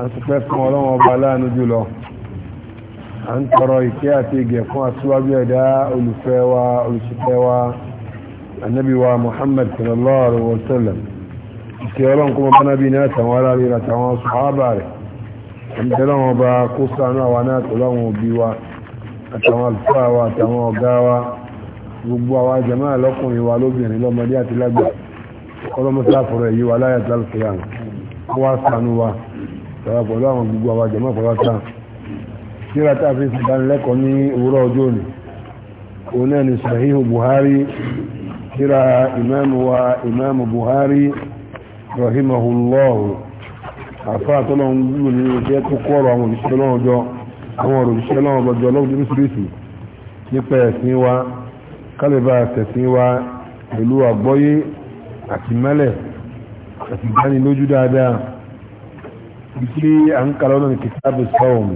a ti fẹ́ fún ọlọ́wọ́n ọba láàánú jùlọ a ń tọrọ ìkẹ́ àti ìgẹ̀ fún aṣíwájú ẹ̀dá olùfẹ́ wa olùṣìfẹ́ wa annabi wa muhammad sallallahu alaihi wa sallam ìkẹ́ ọlọ́run kúmọ̀ bánábí ní àtàwọn aráàlú àtàwọn sàhábà rẹ̀ ìdẹ́lọ́wọ́n ọba kó sànú àwa náà tọ́lọ́wọ́n òbí wa àtàwọn àlùfáà wa àtàwọn ọ̀gá wa gbogbo àwa jàmáà lọ́kùnrin wa lóbìnrin lọ́mọdé àti lágbà kọ́lọ́mọ́sáfọ̀rọ̀ èyí wa láyàtọ̀ àlùfáà wa sànú wa sọ̀rọ̀ pẹ̀lú àwọn gbogbo àwọn àjẹmọ́ pàápàá síra tá a fi ṣèdánilẹ́kọ̀ọ́ ní òwúrọ̀ ọjọ́ òní òun náà ni sahihu buhari síra ìmáàmù wa ìmáàmù buhari rahimahullahu àfa àtọ́nà ń gbúgbò ní ìṣẹ́ tó kọ́rọ̀ àwọn òṣìṣẹ́ náà jọ àwọn òṣìṣẹ́ náà lọ́jọ́ àgbọ́yé àti mẹ́lẹ̀ àti ìdánilójú dáadáa bí a ń kà lọ́nà kìtàbù sọ́ọ̀m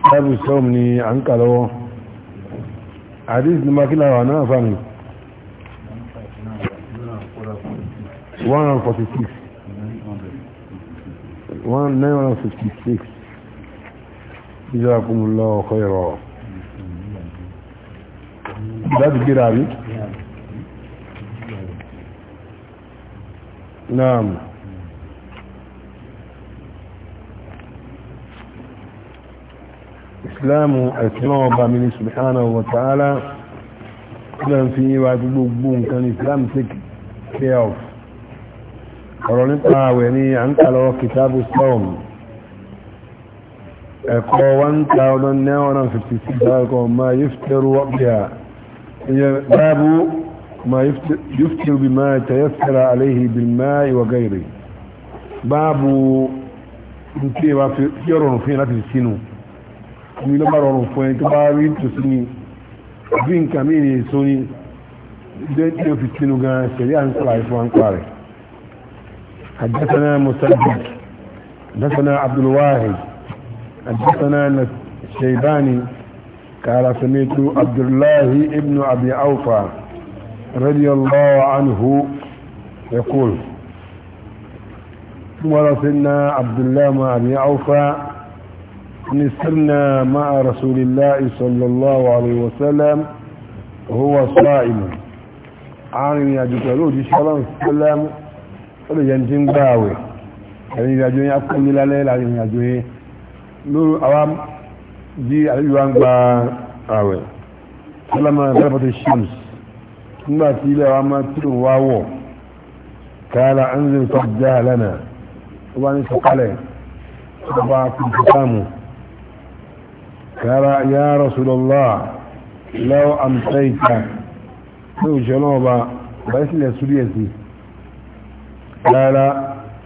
kìtàbù sọ́ọ̀m ni a ń kà lọ́wọ́ àdíṣ ní makílá wà náà fàmì 146 1956 jazakumullahu khairan láti gbéra rí náà islam ẹ̀sìn ọba mi ní subhanahu wa ta'ala náà fi wá gbogbo nǹkan islam take care of ọ̀rọ̀ nípa àwẹ̀ ní à ń kà lọ́wọ́ kìtàbù storm ẹ̀kọ́ 1956 dákọ̀ ma yífẹ́rú ọ̀bíà báàbù ma yífẹ́rú bí máa tẹ̀yẹ́fẹ́ra aléhì bí máa ìwà gairi báàbù tí ó rọrùn fún láti sínú omi ló bá rọrùn fún ẹ tó bá rí tòsí ni bí nǹkan mí ni èso ni dẹ́tí ó fi tinú gan ṣẹ̀rí à ń sọ̀rọ̀ àìfọ́ à ń pa rẹ̀ حدثنا مسدد حدثنا عبد الواحد حدثنا الشيباني قال سمعت عبد الله ابن ابي اوفى رضي الله عنه يقول ورثنا عبد الله بن ابي اوفى إن سرنا مع رسول الله صلى الله عليه وسلم هو صائم عن يجتلو دي صلى الله عليه ينتين باوي ẹni ìrìnàjò yẹn akọ́ ní lálẹ́ láàrin ìrìnàjò yẹn lóru àwa di àlejò wa ń gba àwẹ̀ sálámà bẹ́rẹ̀pọ̀tì shams nígbà tí ilẹ̀ wa máa tìrò wá wọ̀ káàlà anzil tó já lánàá ó bá ní sọ̀kalẹ̀ ó bá kùn tó sáàmù قال يا رسول الله لو أمسيت لو جنوبا بس لسوريتي قال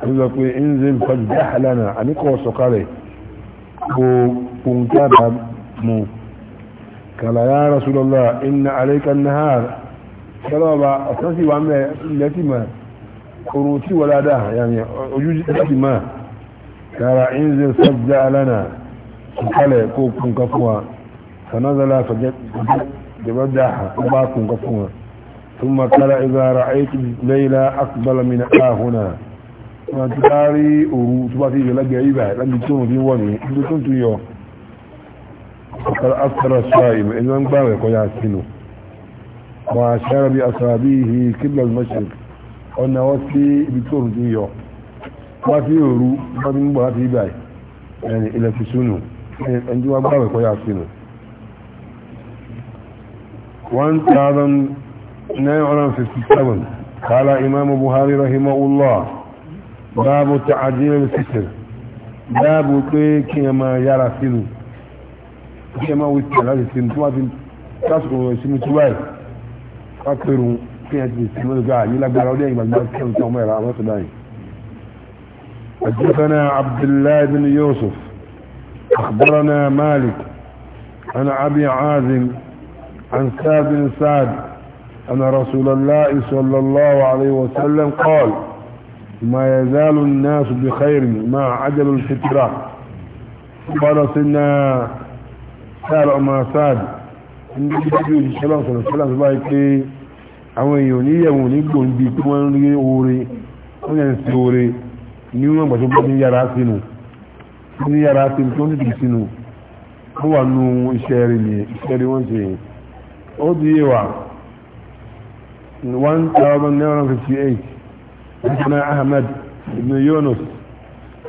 يقول انزل فاجدح لنا أني قوس قالي وكنتاب مو قال يا رسول الله إن عليك النهار جنوبا أساسي وعمل التي ما قروتي ولا ده يعني أجوز التي ما قال انزل فاجدح لنا kalẹ̀ kó kun ka fún wa sanadala fajabadaha ó kun ka fún wa ثم قال إذا رأيت ليلى أقبل من آهنا wọ́n ti dárí òru tó bá ti yẹ lágbẹ̀ẹ́ ibà láti tí wọ́n fi wọ́n ní ibi tó tún yọ ọ̀kọ̀rọ̀ asọ́rọ̀ sọ́rọ̀ ìmọ̀ ẹni wọ́n gbà rẹ̀ kọjá sínú wọ́n aṣẹ́rọ̀ bí asọ́rọ̀ bí ihe kíblọ̀ mọ́ṣẹ̀k ọ̀nà wọ́n sí ibi tó fi súnù ẹnjú wa gbáwẹ̀ kọ́ yà sínú 1957 kala imam buhari rahimahullah babu ta'ajiyar sitir babu pé kí ẹ máa yára sínú kí ẹ máa wí sí aláti sínú tó wá ti tásìkò ìsinmi tó báyìí wá pẹ̀rù kí ẹ ti sinmi lóga nílágbára ó dé ìgbàgbà kí ẹ ń tọ́ ọmọ ẹ̀rọ عبد الله بن يوسف أخبرنا مالك عن أبي عازم عن سعد بن سعد أن رسول الله صلى الله عليه وسلم قال ما يزال الناس بخير ما عجل الفترة قال سنة سال ما سعد إن يجب السلام صلى الله عليه وسلم àwọn èèyàn níyẹ̀wò nígbò níbi tí wọ́n ń rí oore wọ́n yẹn ń sí ní yàrá tí tó ní kìí sínú ó wà nù iṣẹ́ rí ni iṣẹ́ rí wọ́n ṣe yìí se o di yé wa one thousand nine hundred fifty eight حدثنا أحمد بن يونس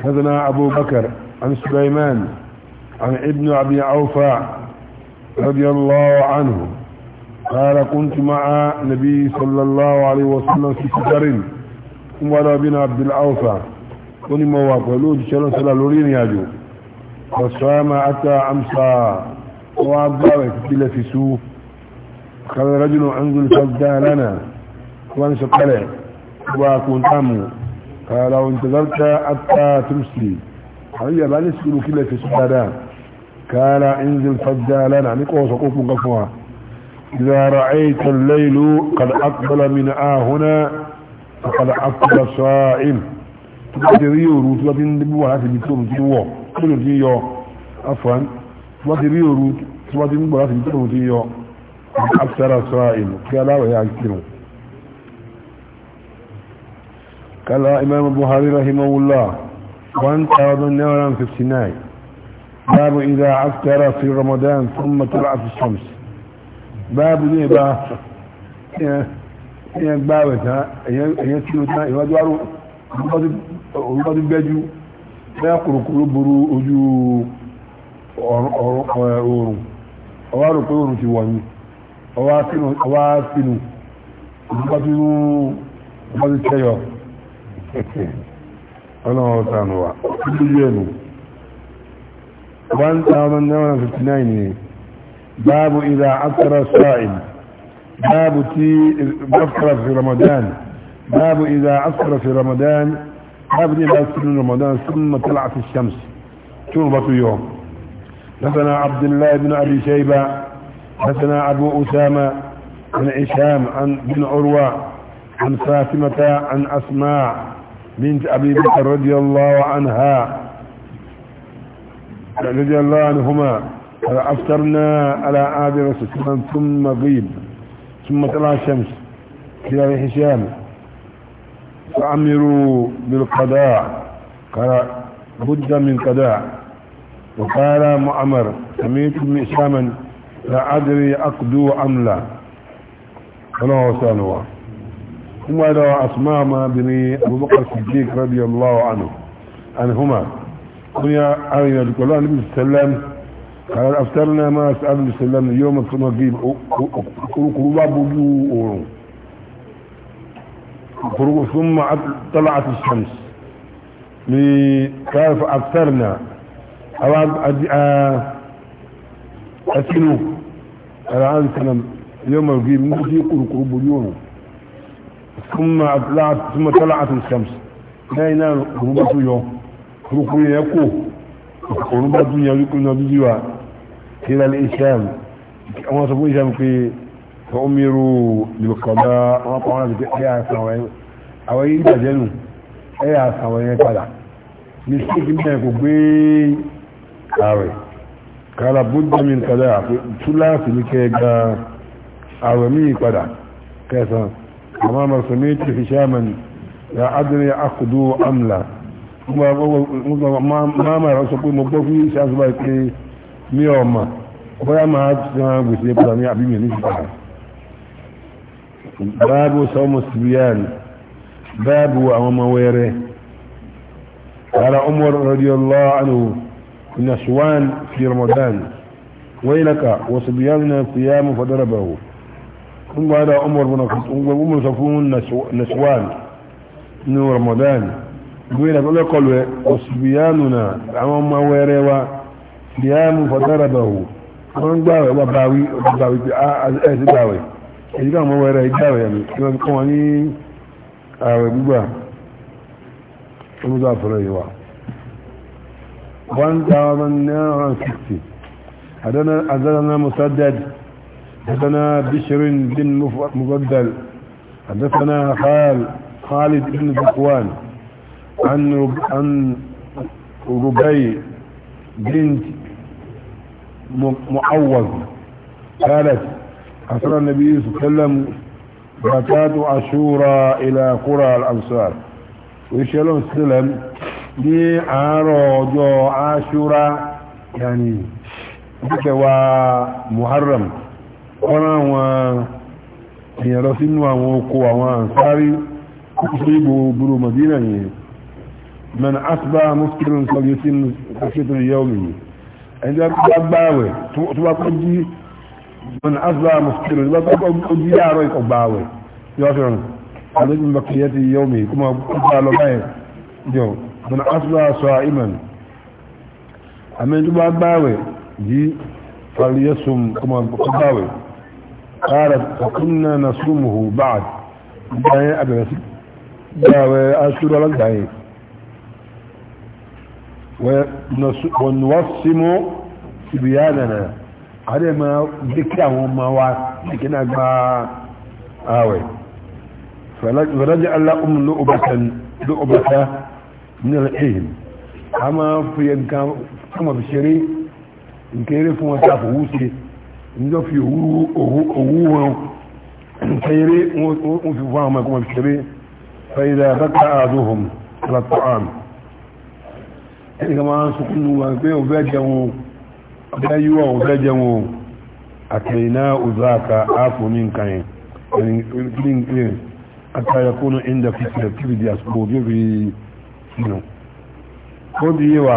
حدثنا أبو بكر عن سليمان عن ابن أبي عوفى رضي الله عنه قال كنت مع النبي صلى الله عليه وسلم في سفر ولا بن عبد الأوفى ó ní mo wà pẹ̀lú òjíṣẹ́ lọ́sọ́lá lórí ìrìn àjò ọ̀sọ́ọ́mà àtà àmsà wọ́n á bá rẹ̀ títí lẹ́fi sú kàrẹ́ rájúlọ angul fagdá lánà wọ́n ń sọkalẹ̀ wà kún táàmù kàrà òun tazarta àtà tùmsì àwọn yàrá ní sùúrù kí lẹ́fi sú dáadáa kàrà angul fagdá lánà ní kọ́ sọ kókun kan fún wa إذا رأيت الليل قد أقبل من آهنا فقد أقبل صائم tó bá ti rí òru tó bá ti ń wà láti ibi tó òun ti wọ̀ tó lòun ti yọ afọ́n tó bá ti rí òru tó bá ti ń wà láti ibi tó òun ti yọ afẹ́ra sọ́ra ìlú kí aláwọ̀ yà kírun. kala imam buhari rahimahullah one thousand nine hundred and fifty nine باب إذا عفتر في رمضان ثم طلعت الشمس باب ليه باب ìyẹn gbáwẹ̀ tán ìyẹn tí ó tán ìwájú àrùn ọdún òun bá tún gbẹ́jú bẹ́ẹ̀ kùrùkùrù burú ojú oòrùn ọwá rò pé oòrùn ti wọ̀ ní ọwá sínú ọwá sínú òun bá tún bá tún tẹ́yọ̀ ọlọ́run ọ̀sán wa lójú ẹ̀nu 1959 ni باب إذا عثر الصائم باب تي بفر في رمضان باب إذا عثر في رمضان هذه ما يصير رمضان ثم طلعت الشمس تربة يوم حدثنا عبد الله بن أبي شيبة حدثنا أبو أسامة عن هشام عن بن عروة عن فاطمة عن أسماء بنت أبي بكر رضي الله عنها رضي الله عنهما أفطرنا على ابي رسول ثم غيب ثم طلع الشمس ابي هشام فأمروا بالقضاء قال بد من قضاء وقال مؤمر سميت مئساما لا أدري أقدو أم لا فلا وسألوا ثم إلى أسماما بن أبو بكر الصديق رضي الله عنه أنهما قل يا أرينا الكلام النبي صلى الله عليه وسلم قال أفترنا ما أسأل النبي صلى الله عليه وسلم يوم الصلاة قرب خروج ثم طلعت الشمس كيف أبصرنا أسلوك الآن سلم يوم القيم نجي يقول قرب اليوم ثم طلعت ثم طلعت الشمس لا ينال قربة يوم قرب يكو قربة يوم يكون نبيوا إلى الإسلام أما صفوا إسلام في فأمروا بالقضاء وطعنا بكحياء سواء àwọn yìí bàjẹ́ nù ẹ yà sàwọn yẹn padà ní síkì mẹ́rin kò gbé ààrẹ kára bójúmi kàdá túláàsì ní kẹ́ gba ààrẹ míì padà kẹsàn àmọ́ mọ̀sánmí tí fi ṣáàmàn ya adìrẹ akùdó amla máma rẹ̀ sọ pé mo gbọ́ fún ìṣàṣùbà pé mi ọ̀mà bóyá máa san gbèsè padà báàbò sọmọ síbíyàn báàbù àwọn ọmọ wẹ́rẹ́ ara umar radiyallahu anhu kuna suwan fi ramadan wailaka wasu biyan na siyamu fadara bahu kun ba da umar umar safun na suwan ni ramadan wailaka lakolwe wasu biyanu na àwọn ọmọ wẹ́rẹ́ wa siyamu fadara bahu wọ́n gbáwẹ̀ wà báwí ọdún báwí pé ah, ẹ̀sì gbáwẹ̀ èyí káwọn ọmọ wẹ́rẹ́ gbáwẹ̀ yàmì kí wọ́n kọ́ wọn ní ààrẹ gbígbà ọmọdé àfẹ́rẹ́ yìí wà 1960 حدثنا مسدد حدثنا بشر بن مبدل حدثنا خال خالد بن ذكوان عن عن ربيع بنت معوض قالت أسرى النبي صلى الله عليه وسلم zakatu ashura إلى قرى الأنصار ansar ويشيلون سلم دي عارو جو عاشورا يعني بكوا محرم وانا و يرو سنوا وكو وانا ساري يصيبوا برو مدينة من أصبح مسكر صليسين خشية اليوم عند أباوي تبقى قدي من أظلم مفتر لا تقول يا رويك أباوي يوفرن عليك من بقية يومي كما قالوا باي جو من أظلم صائما أما أنتم أباوي جي فليسم كما أباوي قالت فكنا نصومه بعد باي أبا باوي أشهر لك باي ونوصم سبياننا àdé máa jẹ́ kí àwọn ọmọ wa kìkì náà gba ààwẹ̀ fẹ́lájẹ́ aláhùn lóòbàtà nílẹ̀ èyìn a máa fi nǹkan fún ọ̀fẹ́ ṣeré nkéré fún wọn tàà fòwú sí níjọ́ fi òwú wọn kéré wọn fi fún àwọn ọmọ ṣeré fẹ́lá rákà àdóhùn látọ̀ àmì ẹni kan máa ń sọkún wọn pé ọ̀fẹ́ jẹun bẹ́ẹ̀ yíwọ òun fẹ́ jẹun òun àtẹ̀yìnà òzàkà áàfò ní nǹkan yẹn clean clean àtàyàkónú inda fitna kíbi di àsìkò bí fi sínú ó di yíwa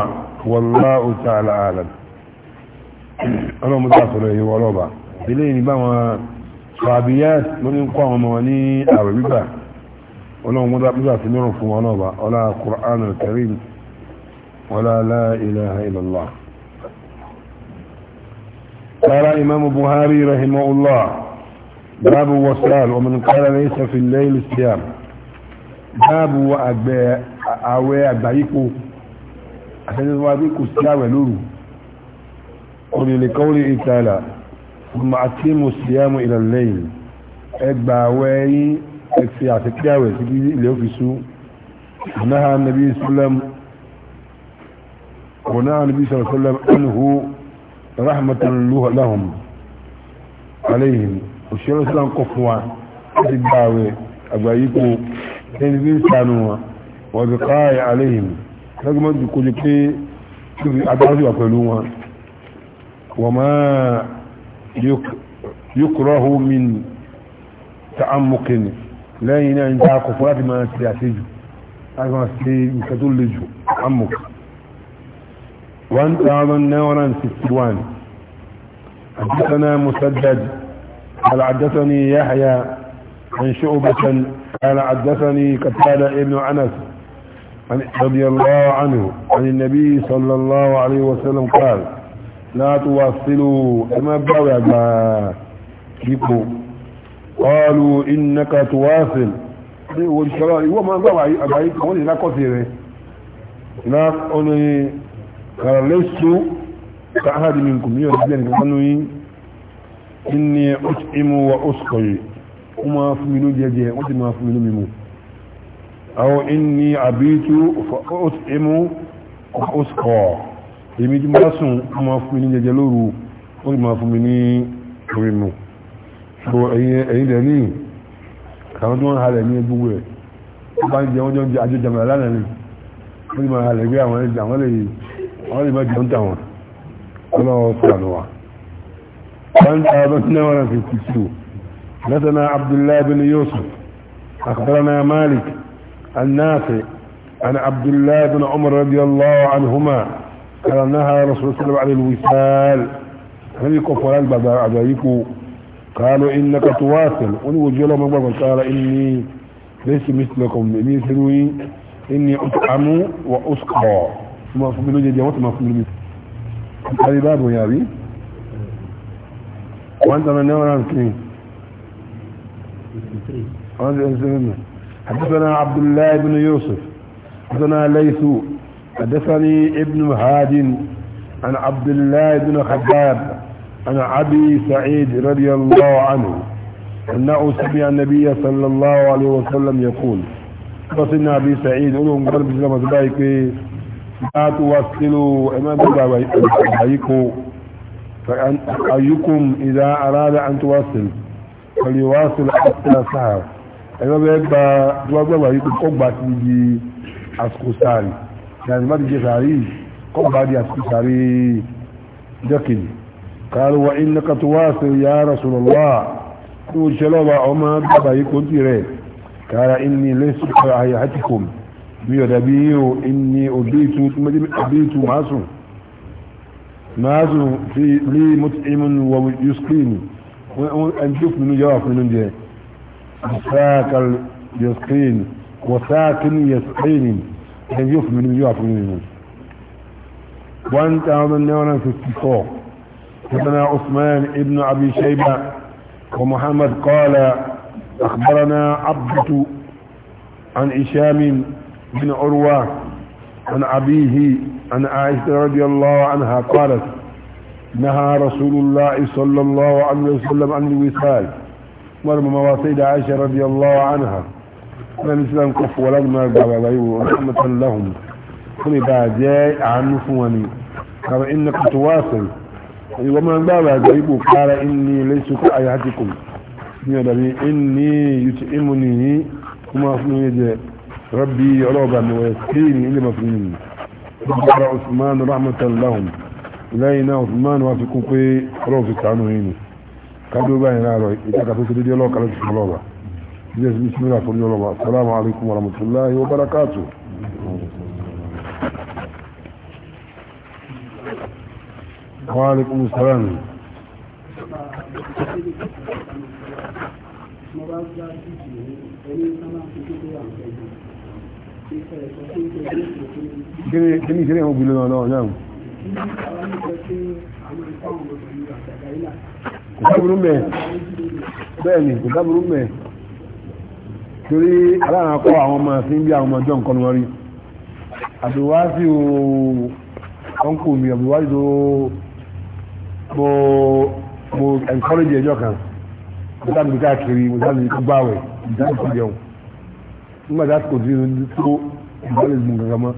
wallahu ta'ala alam ọlọ́mọdé àsọ̀rọ̀ yìí wọlọ́ba ilé yìí bá wọn fàbíyàt lórí ń kọ́ àwọn ọmọ ní ààrẹ gbígbà ọlọ́mọdé àti mẹ́rùn fún wọn náà ọlá Qur'an al-Karim wala la ilaha illallah قال إمام بهاري رحمه الله باب وسال ومن قال ليس في الليل الصيام باب وأعوى أبعيكو عشان يزوابيكو الصيام ولولو قل لقوله تعالى ثم أتيم الصيام إلى الليل أبعوي أكفي عتكاوي سكيزي إليه في سوء نهى النبي صلى الله عليه وسلم ونهى النبي صلى الله عليه وسلم أنه رحمة لهم عليهم òṣèré islam kọ fún wa láti gba àwẹ̀ àgbáyípo ẹni bí ń sànú wa wọ́n ti káàyè aléhìn lọ́gbọ́n ti kojú pé agbájú wà pẹ̀lú wọn wọ́n máa yókùrọ́hù min ta'amukin lẹ́yìn náà ń ta kọ̀ fún láti máa ṣe àṣejù láti máa ṣe nǹkan tó le jù amuk 1961 حدثنا مسدد قال حدثني يحيى عن شعبة قال حدثني كتال ابن انس رضي الله عنه عن النبي صلى الله عليه وسلم قال لا تواصلوا اما بابا كيكو قالوا انك تواصل والشرائي وما ضوعي ابعيك ولي لا كثيره لا قولي قال لست كأحد منكم يرجلين قالوا إني أطعم وأسقي وما فمنوا جيجي وما فمنوا ممو أو إني أبيت فأطعم وأسقى èmi tí bá sùn a máa fún mi ní jẹjẹ lóru ó sì máa fún mi ní orí mu so ẹ̀yìn dẹ̀ ní àwọn tí wọ́n halẹ̀ ní gbogbo ẹ̀ wọ́n bá ń jẹ wọ́n jọ ń jẹ àjọjàmọ̀ ni wọ́n sì máa halẹ̀ gbé àwọn ẹ̀jẹ̀ àwọn wọ́n lè má jẹun táwọn ọlọ́wọ́ sàlùwà wọ́n tàbí náà wọ́n عبد الله بن يوسف أخبرنا مالك النافع عن عبد الله بن عمر رضي الله عنهما قال نهى رسول الله عليه الوسال هل يكفر البدع عبايكو قالوا إنك تواصل ونوجه لهم قال إني ليس مثلكم إني سروي إني أطعم وأسقى jẹ mi حدثنا عبد الله بن يوسف حدثنا ليث حدثني ابن هاد عن عبد الله بن خباب عن ابي سعيد رضي الله عنه انه سمع النبي صلى الله عليه وسلم يقول وصلنا ابي سعيد قلهم قلب زلمه بايك láti wá sílò ẹmẹ́gbẹ̀gbà àyíkò ayyukum ìdá aráàlá an tó wá sílò pẹ̀lú wá sílò àtìlá sáà ẹmẹ́gbẹ̀gbà àyíkò kọgbà ti di àsìkò sáàrì yàtí má ti jẹ sàárì kọgbà di àsìkò sàárì jẹ́kìn kààrù wa iná ka tó wá sílò ya rasulallá tó ṣẹlọ́wà ọmọ gbàgbà àyíkò ti rẹ̀ kààrà inni lẹ́sùn àyíkò mi ò dàbí yín o inni obitu tí mo dé obitu máa sùn máa sùn fi lé mut'imun wa yusqini ẹni tó fún mi yọ wà fún mi lóúnjẹ sáàkà yusqini wa sáàkì ni yusqini ẹni tó fún mi yọ wà fún mi lóúnjẹ. one thousand nine hundred fifty four حدثنا عثمان ابن ابي شيبه ومحمد قال اخبرنا عبده عن هشام بن عروة عن أبيه عن عائشة رضي الله عنها قالت نهى رسول الله صلى الله عليه وسلم عن الوصال مرمى مواصيد عائشة رضي الله عنها أنا الإسلام كف ولدنا بابايو رحمة لهم كل بعدي عنفوني قال إنك تواصل ومن بابا جايبه قال إني ليس كأياتكم يا إني يتئمني وما أفني يجي ربي رغبا ويسقيني إلى مفرين ربنا عثمان رحمة لهم إلينا عثمان وافقوا في روفك عنه هنا قالوا باين على إذا كنت بدي الله قالت بسم الله بسم الله فرج الله السلام عليكم ورحمة الله وبركاته وعليكم السلام Thank you. kíni kíni ìhun gbìlẹ̀ náà náà kò sáburú mẹ́ bẹ́ẹ̀ kò sáburú mẹ́ torí aláàrán akọ́ àwọn ọmọ sí ń bí àwọn ọmọjọ́ nǹkan rí àbúwá sí mi àbúwá sí ẹjọ́ kan mo sáàbì káàkiri mo sáàbì nígbà tí àsìkò tí ìrìn tó ìbálẹ̀ ìgbìmọ̀ kankan mọ́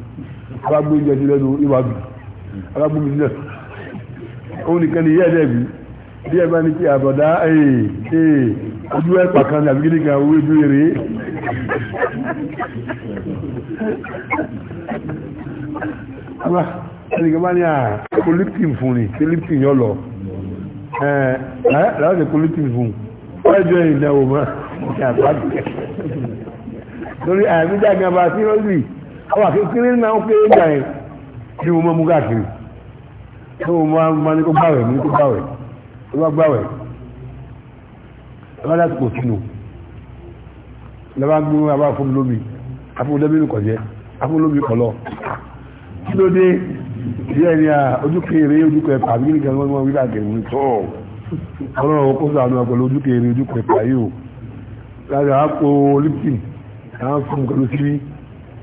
alágbó ìjọ sí lẹ́nu ìwádìí alágbó mi sílẹ̀ òun nìkan ni ìyá ẹ̀dẹ́ bí bí ẹ bá ní kí àbọ̀dá ojú ẹ̀ pàkan àbí kí nìkan owó ojú eré ẹnìkan bá ní à collective fún ni collective yọ lọ ẹ ẹ láti collective fún ọjọ́ ìdáwó mọ́ kí àbájẹ́ lórí àyàmídà gan bá sí rọ́ọ̀lì àwọn àkékeré náà ń pé ìgbà yẹn bí mo mọ́ mú káàkiri tí mo máa ní kó gbàwẹ̀ ní kó gbàwẹ̀ tó bá gbàwẹ̀ lọ́wọ́ láti kò sínú lọ́wọ́ gbé wọn bá fún lómi afúnlómi kọ̀jẹ́ afúnlómi kọ̀lọ́ kí ló dé díẹ̀ ní ojúkèrè ojúkèrè pàbí nìkan wọ́n wọ́n wílà gẹ̀rù ní tọ́ ọlọ́run kó sàánú ọpọlọ ojúkèrè ojúkèrè pàyò lára àpò olympic àwọn fún nǹkan ló sí rí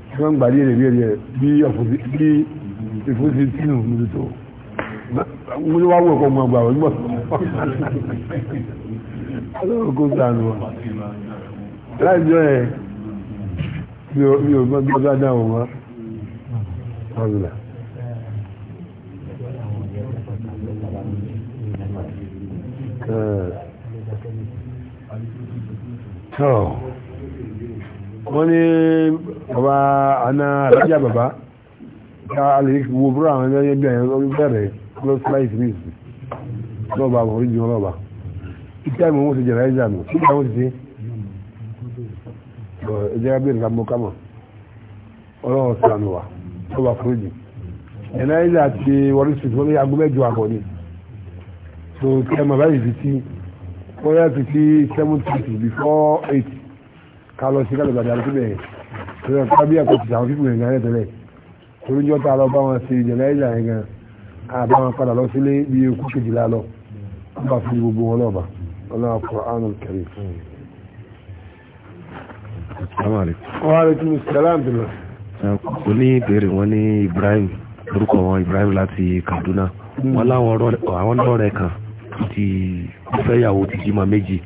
tí wọ́n ń gbà díẹ̀ díẹ̀ díẹ̀ bí ìfúnṣe tínú níbi tó wọ́n wá wọ̀ ọkọ̀ ọgbà wọ́n gbọ́ ọlọ́run kó sànù wọn láìjọ ẹ̀ mi ò gbọ́ gbọ́ dáadáa wọn wá ọ̀là. Oh wọ́n ní bàbá àná alájà bàbá ká alẹ́ wo búrọ̀ àwọn ẹgbẹ́ bí àyàn lórí bẹ̀rẹ̀ close life risk lọ́ba àwọn orí jùlọ lọ́ba ìtẹ́ mi wọ́n ti jẹ̀rẹ̀ ẹ̀jà mi kí àwọn ti ṣe ẹ̀jẹ̀ abẹ́rẹ́ ká mọ́ ká mọ́ ọlọ́run sànù wa lọ́ba fúrújì ẹ̀nàìjà ti wọlé street wọ́n ní agbómẹ́jọ àgọ́ ni so kẹ́ mọ̀ báyìí fi sí wọ́n yà ká lọ sí kálọ̀bàdà àti bẹ̀rẹ̀ tó yẹ ká bí ẹ̀kọ́ ti sàwọn fífún ìgbà rẹ̀ tẹ́lẹ̀ torí jọ ta lọ bá wọn ṣe ìjẹ̀lẹ̀ ìjà yẹn gan àbá wọn padà lọ sílé bí ikú kejìlá lọ wọn bá fi gbogbo wọn lọ́ba ọlọ́wà Qur'anul Karim. wọ́n á retí mi sẹ́lá kò ní ìbéèrè wọn ní Ibrahim orúkọ wọn Ibrahim láti Kaduna hmm. wọn láwọn àwọn lọ́rẹ̀ kan ti fẹ́yàwó ti jímọ̀ méjì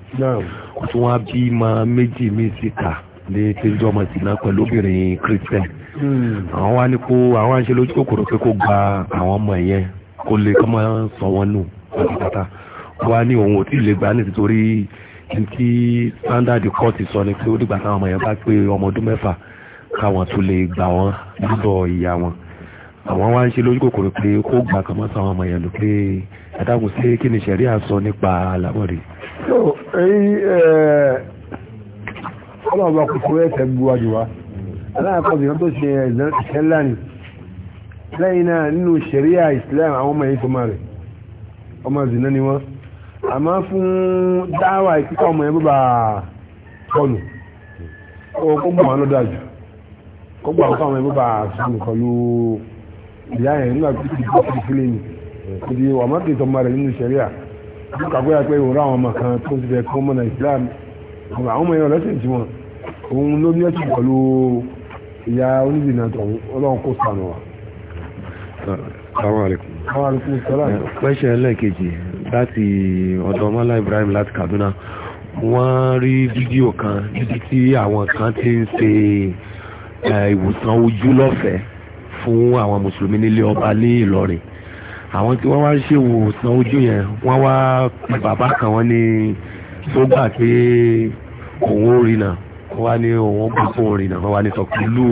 tí wọ́n bí ma méjì mí síta lé tẹ́jọ́ ọmọ ìsìnà pẹ̀lú obìnrin christian hmm. àwọn wá ní kó àwọn àṣẹ lójú kòkòrò pé kó gba àwọn ọmọ yẹn kó lè kọ́ máa sọ wọn nù pátápátá wá ní òun ò tí ì lè gbà ní títorí tí standard court sọ ni pé ó dìgbà táwọn ọmọ yẹn bá pé ọmọ ọdún mẹ́fà káwọn tó lè gbà wọ́n lọ́dọ̀ ìyá wọn àwọn wá ń ṣe lójú kòkòrò pé kó gbà kan mọ́ sáwọn ọmọ yẹn lò pé ẹ̀dàkùn sí kí ni ṣẹ̀rí àsọ nípa àlámọ̀rí. so èyí ẹ kọ́lọ̀ ọba kò tó ẹ̀fẹ̀ bu wájú wa aláàkọ́ ìyàn tó ṣe ẹ̀ṣẹ̀ lánìí lẹ́yìn náà nínú ṣẹ̀ríà Islam àwọn ọmọ yìí tó máa rẹ̀ ọmọ zìnà ni wọ́n àmọ́ fún dáwà ìkíkọ́ ọmọ yẹn bíbà kọlù kó àwọn ọmọ yẹn tí wọ́n òun ló ní ẹ̀sùn pẹ̀lú ìyá onídìínà tọ̀hún ọlọ́run kò sànù wa. pẹ́ṣẹ̀ eh, ẹlẹ́ẹ̀kejì láti ọ̀dọ̀ ọmọlá Ibrahim láti Kaduna wọ́n rí fídíò kan níbi tí àwọn kan ti ń ṣe eh, ìwòsàn ojú lọ́fẹ̀ẹ́ fún àwọn mùsùlùmí nílé ọba ní Ìlọrin àwọn tí wọ́n wá ṣe ìwòsàn ojú yẹn wọ́n wá bàbá kan wọ́n ní tó gbà pé òun ó rí náà wá ní òun gbé fún orin náà wá ní sọ pẹ̀lú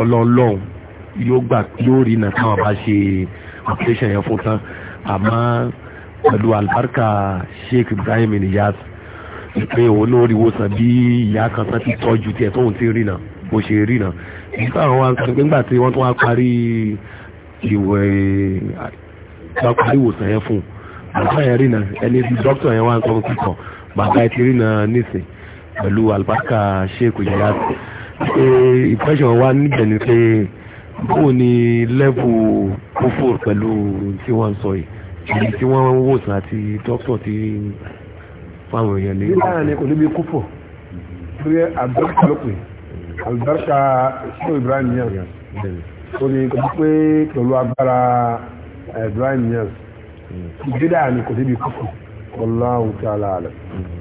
ọlọ́ọ̀lọ́hún yóò gbà yóò rí táwọn bá ṣe operation yẹn fún tán àmọ́ pẹ̀lú alibarika Sheikh Ibrahim Niyas pé òun náà rí wòsàn bí ìyá kan tán ti tọ́jú tiẹ̀ tóun ti rí náà bó ṣe rí náà nígbà wọn wá sọ pé nígbà tí wọ́n tún wá parí ìwẹ̀ wá parí ìwòsàn yẹn fún bàbá yẹn rí ẹni dókítà yẹn wá ń sọ fún kíkọ bàbá ẹ ti rí nísìnyí pẹ̀lú albarka sheikh jihad pé ìpẹ́jọ wa níbẹ̀ ni pé bó ni lẹ́bù kúfòr pẹ̀lú tí wọ́n ń sọ yìí èyí tí wọ́n wòsàn àti dókítà tí fáwọn èèyàn ní. ni kò níbi kúfò torí albarka ló pè albarka sheikh ibrahim yẹn ó ní kò pé pẹ̀lú agbára eh, ibrahim yẹn mm. ìgbéda ni kò níbi kúfò wallahu ta'ala alam. Mm.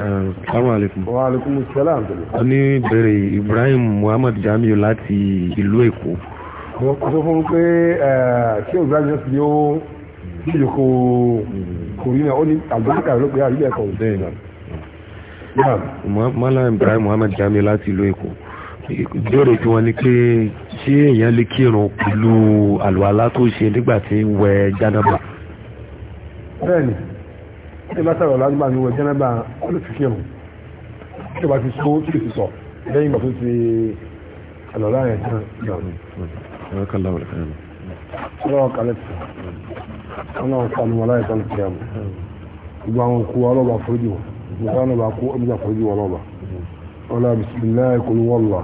Um, Assalamu alaikum. Wa alaikum salam. A ní bẹ̀rẹ̀ Ibrahim Muhammad Jamiu láti ìlú Èkó. Wọ́n kọ́ sọ fún pé ṣé òun gbájú sí ó nílò kò kò rí náà ó ní àgbáríkà ló pé àrílẹ̀ kan bẹ́ẹ̀ náà. Mọ́lá Ibrahim Muhammad Jamiu láti ìlú Èkó. Ìbéèrè tí wọ́n ní pé ṣé èèyàn lè kírun pẹ̀lú àlùwàlá tó ṣe nígbà tí wẹ̀ jánábà. Bẹ́ẹ̀ni ṣe bá sàrọ̀ lágbà ní wọ́n jẹ́nàbà olùfikirun tí ó bá ti sọ tí ó ti sọ lẹ́yìn ìgbà tó ti àlọ́lá rẹ̀ tán ìgbà ọ̀rọ̀ kan láwọn ẹ̀ka ẹ̀mọ́. ọlọ́run kalẹ̀ ti sọ ọlọ́run wọn láyé sanu ti àmọ́ gbogbo àwọn òkú ọlọ́ba foríjì wọn gbogbo àwọn ọba kú ọdún wọn ọlọ́ba ọlọ́ba bisimilayi kò ní